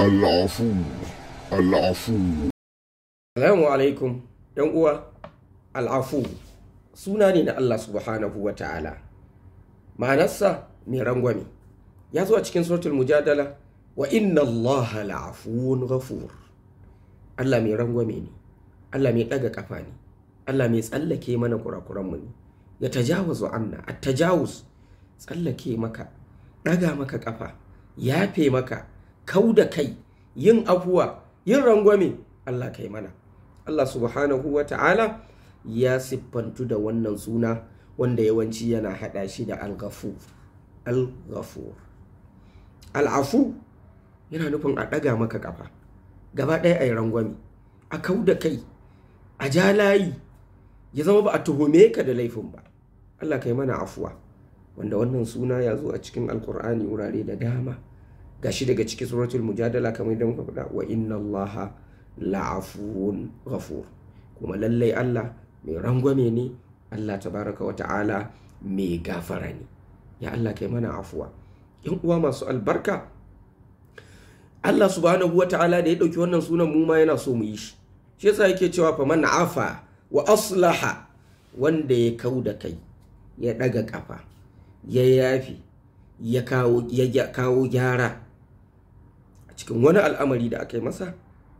al'afu al'afu Salamu alaikum ‘yan uwa al'afu suna ne na Allah subhanahu wa ta'ala ma'anarsa mai rangwame ya zuwa cikin suratul mujadala wa inna Allah la'afuwun ghafur Allah mai rangwame ne Allah mai ɗaga ƙafa ne Allah mai tsallake mana mu ne ya tajawazu Amna, a tajawuz tsallake maka ɗaga maka ƙafa yafe maka kau da kai yin afuwa yin rangwame Allah kai mana Allah subhanahu wa ta'ala ya siffantu da wannan suna wanda yawanci yana haɗa shi da al-ghafur al-ghafur al'afu yana nufin a ɗaga maka ƙafa gaba ɗaya a yi rangwame a kau da kai a ja layi ya zama ba a tuhume ka da laifin ba Allah kai mana afuwa wanda wannan suna ya zo a cikin alkur'ani wurare da dama gashi daga cikin suratul mujadala kamar da muka faɗa wa inna allaha la'afuwun ghafur kuma lallai Allah mai rangwame ne Allah tabaraka wa ta'ala mai gafara ne ya Allah kai mana afuwa yan uwa masu albarka Allah subhanahu wa ta'ala da ya ɗauki wannan sunan mu ma yana so mu yi shi shi yasa yake cewa fa man afa wa aslaha wanda ya kau da kai ya ɗaga ƙafa ya yafi ya kawo gyara cikin wani al'amari da aka yi masa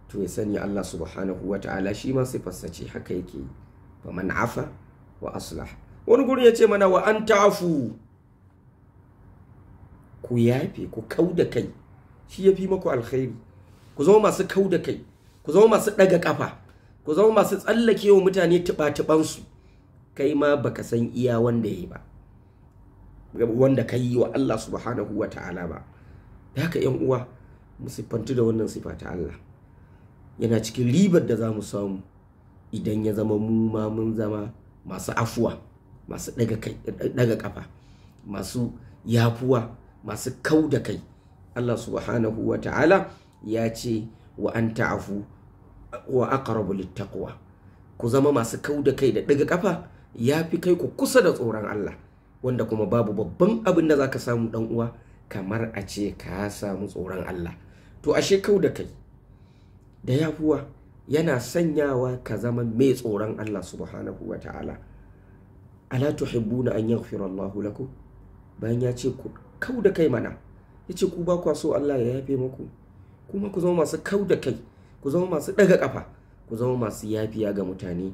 to ya sani Allah subhanahu wa ta'ala shi ma sai fassace haka yake yi fa man afa wa aslah wani gurin ya ce mana wa an ta'afu ku yafe ku kau kai shi ya fi maku alkhairi ku zama masu kau kai ku zama masu ɗaga ƙafa ku zama masu tsallake wa mutane tuɓa-tuɓansu kai ma baka san iya wanda ya yi ba wanda ka yi wa Allah subhanahu wa ta'ala ba da haka 'yan uwa mu da wannan sifa ta Allah yana cikin ribar da za mu samu idan ya zama mu ma mun zama masu afuwa masu daga kafa masu yafuwa masu kau da kai Allah subhanahu wa ta'ala ya ce wa an ta'afu wa aqrabu littaqwa ku zama masu kau da kai da daga kafa ya fi kai ku kusa da tsoron Allah wanda kuma babu babban abin da za ka samu dan uwa kamar a ce ka samu tsoron Allah to ashe kau da kai da yafuwa yana sanyawa ka zama mai tsoron Allah subhanahu wa ta'ala ala tuhibbuna an yaghfira Allah lakum bayan ya ce ku kau da kai mana ya ce ku ba kwa so Allah ya yafe muku kuma ku zama masu kau da kai ku zama masu daga kafa ku zama masu yafiya ga mutane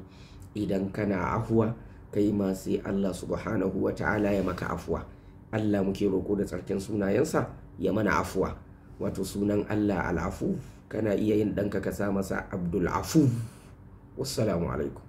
idan kana afuwa kai ma sai Allah subhanahu wa ta'ala ya maka afuwa Allah muke roko da tsarkin sunayensa ya mana afuwa wato sunan Allah al'afu kana iya yin ɗanka ka sa masa abdul afu wassalamu alaikum